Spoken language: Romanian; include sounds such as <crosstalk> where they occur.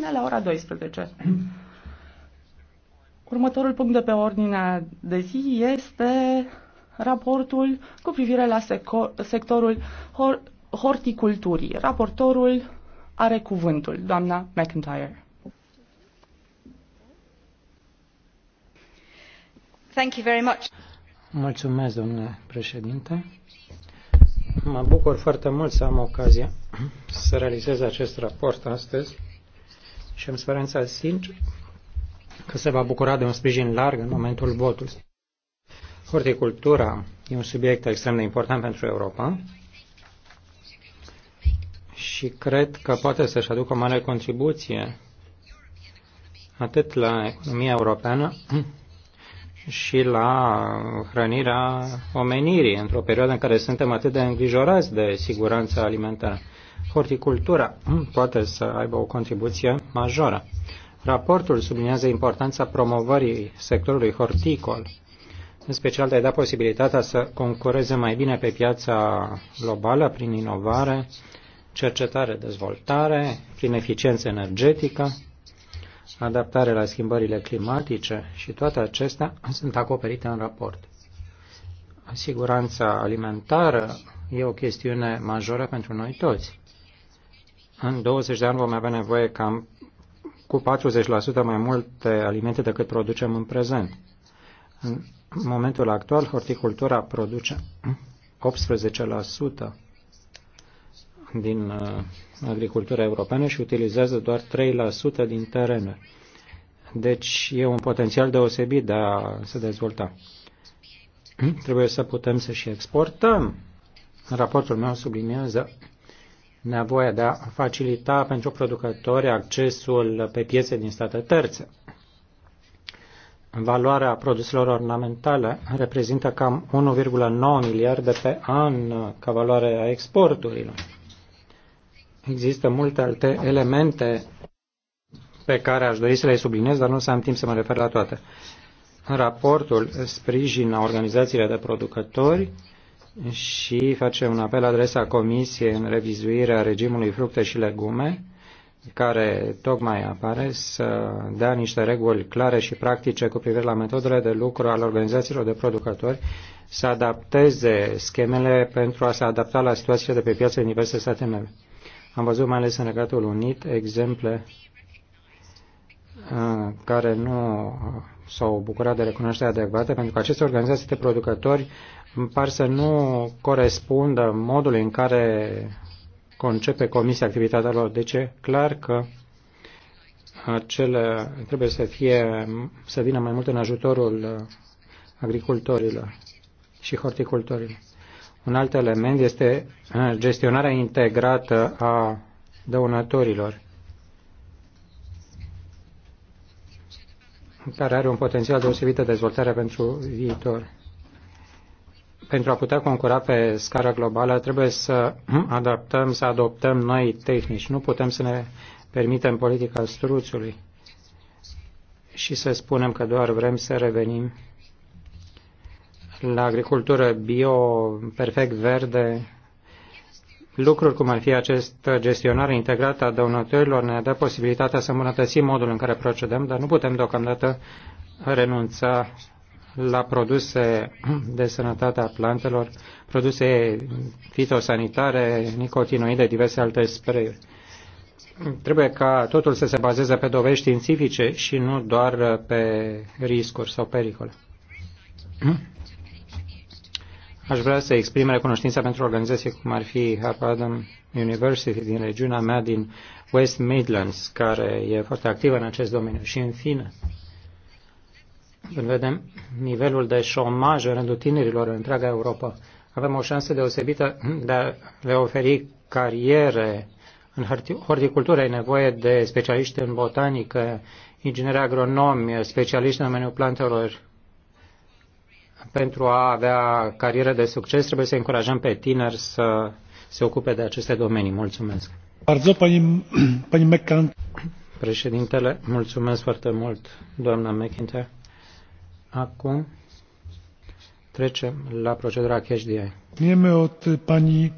mâine la ora 12. Următorul punct de pe ordinea de zi este raportul cu privire la sectorul horticulturii. Raportorul are cuvântul, doamna McIntyre. Thank you very much. Mulțumesc, domnule președinte. Mă bucur foarte mult să am ocazia să realizez acest raport astăzi și am speranța sincer că se va bucura de un sprijin larg în momentul votului. Horticultura e un subiect extrem de important pentru Europa și cred că poate să-și aducă o mare contribuție atât la economia europeană <clears throat> și la hrănirea omenirii, într-o perioadă în care suntem atât de îngrijorați de siguranța alimentară. Horticultura <clears throat> poate să aibă o contribuție majoră. Raportul subliniază importanța promovării sectorului horticol, în special de a da posibilitatea să concureze mai bine pe piața globală prin inovare, cercetare, dezvoltare, prin eficiență energetică, adaptare la schimbările climatice și toate acestea sunt acoperite în raport. Siguranța alimentară e o chestiune majoră pentru noi toți. În 20 de ani vom avea nevoie cam cu 40% mai multe alimente decât producem în prezent. În momentul actual, horticultura produce 18% din uh, agricultura europeană și utilizează doar 3% din terenuri. Deci e un potențial deosebit de a se dezvolta. Trebuie să putem să și exportăm. Raportul meu subliniază nevoia de a facilita pentru producători accesul pe piețe din state terțe. Valoarea produselor ornamentale reprezintă cam 1,9 miliarde pe an ca valoare a exporturilor. Există multe alte elemente pe care aș dori să le subliniez, dar nu să am timp să mă refer la toate. Raportul sprijină organizațiile de producători și face un apel adresa Comisiei în revizuirea regimului fructe și legume, care tocmai apare, să dea niște reguli clare și practice cu privire la metodele de lucru al organizațiilor de producători, să adapteze schemele pentru a se adapta la situațiile de pe piață din diverse state membre. Am văzut mai ales în Regatul Unit exemple uh, care nu uh, s-au bucurat de recunoaștere adecvată, pentru că aceste organizații de producători par să nu corespundă modului în care concepe comisia activitatea lor. Deci e clar că acele uh, trebuie să fie, să vină mai mult în ajutorul uh, agricultorilor și horticultorilor. Un alt element este gestionarea integrată a dăunătorilor. care are un potențial deosebit de dezvoltare pentru viitor. Pentru a putea concura pe scară globală, trebuie să <clears throat> adaptăm, să adoptăm noi tehnici. Nu putem să ne permitem politica struțului și să spunem că doar vrem să revenim la agricultură bio, perfect verde, lucruri cum ar fi această gestionare integrată a dăunătorilor ne dă posibilitatea să îmbunătățim modul în care procedăm, dar nu putem deocamdată renunța la produse de sănătate a plantelor, produse fitosanitare, nicotinoide, diverse alte spreiuri. Trebuie ca totul să se bazeze pe dovești științifice și nu doar pe riscuri sau pericole. Aș vrea să exprim recunoștința pentru organizații cum ar fi Harvard University din regiunea mea din West Midlands, care e foarte activă în acest domeniu. Și în fine, când vedem nivelul de șomaj în rândul tinerilor în întreaga Europa, avem o șansă deosebită de a le oferi cariere în horticultură. E nevoie de specialiști în botanică, ingineri agronomi, specialiști în domeniul plantelor pentru a avea carieră de succes, trebuie să încurajăm pe tineri să se ocupe de aceste domenii. Mulțumesc. Bardzo, pani, pani Președintele, mulțumesc foarte mult, doamna McIntyre. Acum trecem la procedura cash DI. Nieme pani